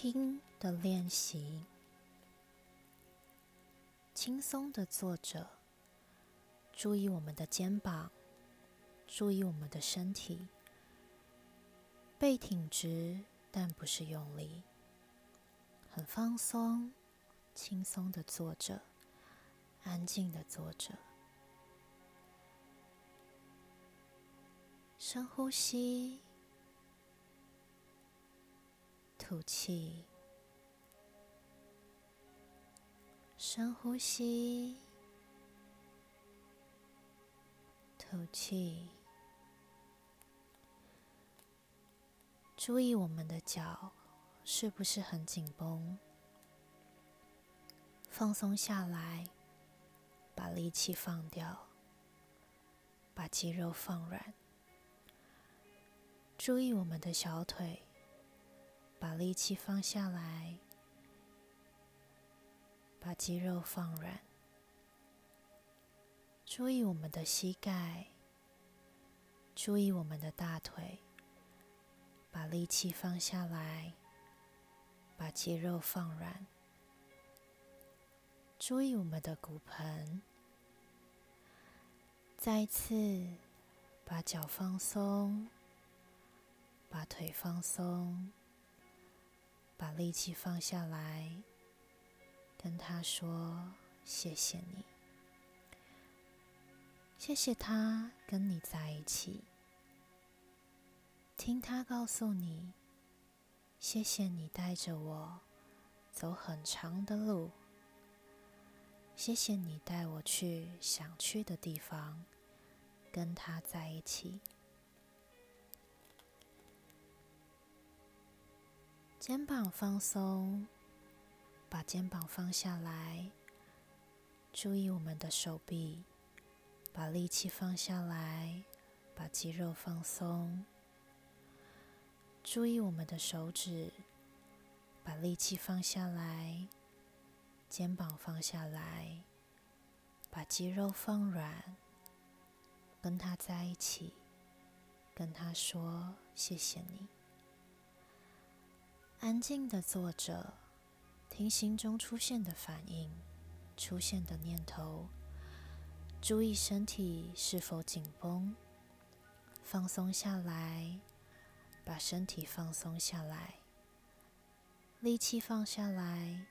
聽的練習，輕鬆的坐着，注意我們的肩膀，注意我們的身體，背挺直，但不是用力，很放鬆，輕鬆的坐着，安靜的坐着，深呼吸。吐氣，深呼吸，吐氣。注意我們的腳是不是很緊繃？放鬆下來，把力氣放掉，把肌肉放軟。注意我們的小腿。把力氣放下來，把肌肉放軟。注意我們的膝蓋，注意我們的大腿。把力氣放下來，把肌肉放軟。注意我們的骨盆。再次，把腳放鬆，把腿放鬆。把力氣放下來，跟他說謝謝你，謝謝他跟你在一起，聽他告訴你，謝謝你帶着我走很長的路，謝謝你帶我去想去的地方，跟他在一起。肩膀放鬆，把肩膀放下來。注意我們的手臂，把力氣放下來，把肌肉放鬆。注意我們的手指，把力氣放下來，肩膀放下來，把肌肉放軟。跟他在一起，跟他說謝謝你。安靜的坐着，聽心中出現的反應，出現的念頭。注意身體是否緊繃，放鬆下來，把身體放鬆下來，力氣放下來。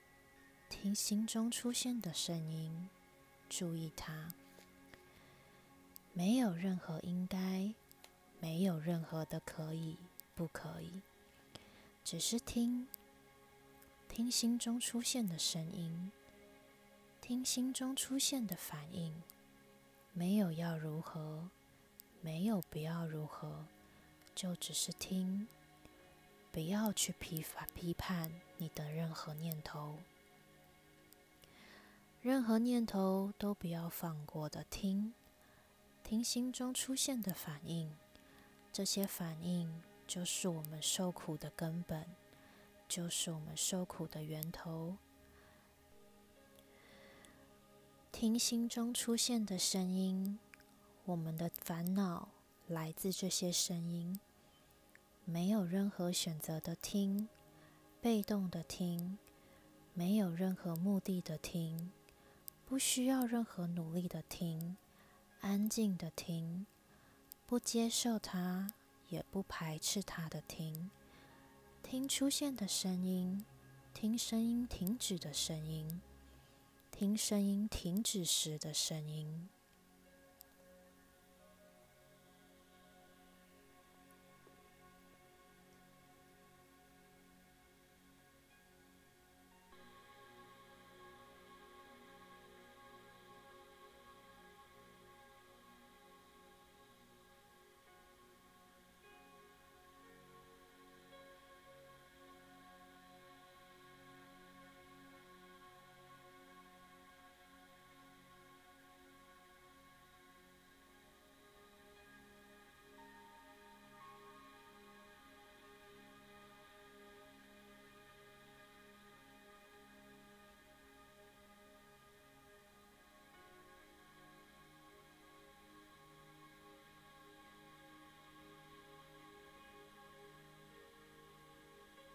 聽心中出現的聲音，注意它。沒有任何應該，沒有任何的可以不可以。只是聽，聽心中出現的聲音，聽心中出現的反應。沒有要如何，沒有不要如何，就只是聽。不要去批法批判你的任何念頭，任何念頭都不要放過的聽，聽心中出現的反應，這些反應就是我們受苦的根本，就是我們受苦的源頭。聽心中出現的聲音，我們的煩惱來自這些聲音。沒有任何選擇的聽，被動的聽，沒有任何目的的聽，不需要任何努力的聽，安靜的聽，不接受它，也不排斥他的聽，聽出現的聲音，聽聲音停止的聲音，聽聲音停止時的聲音。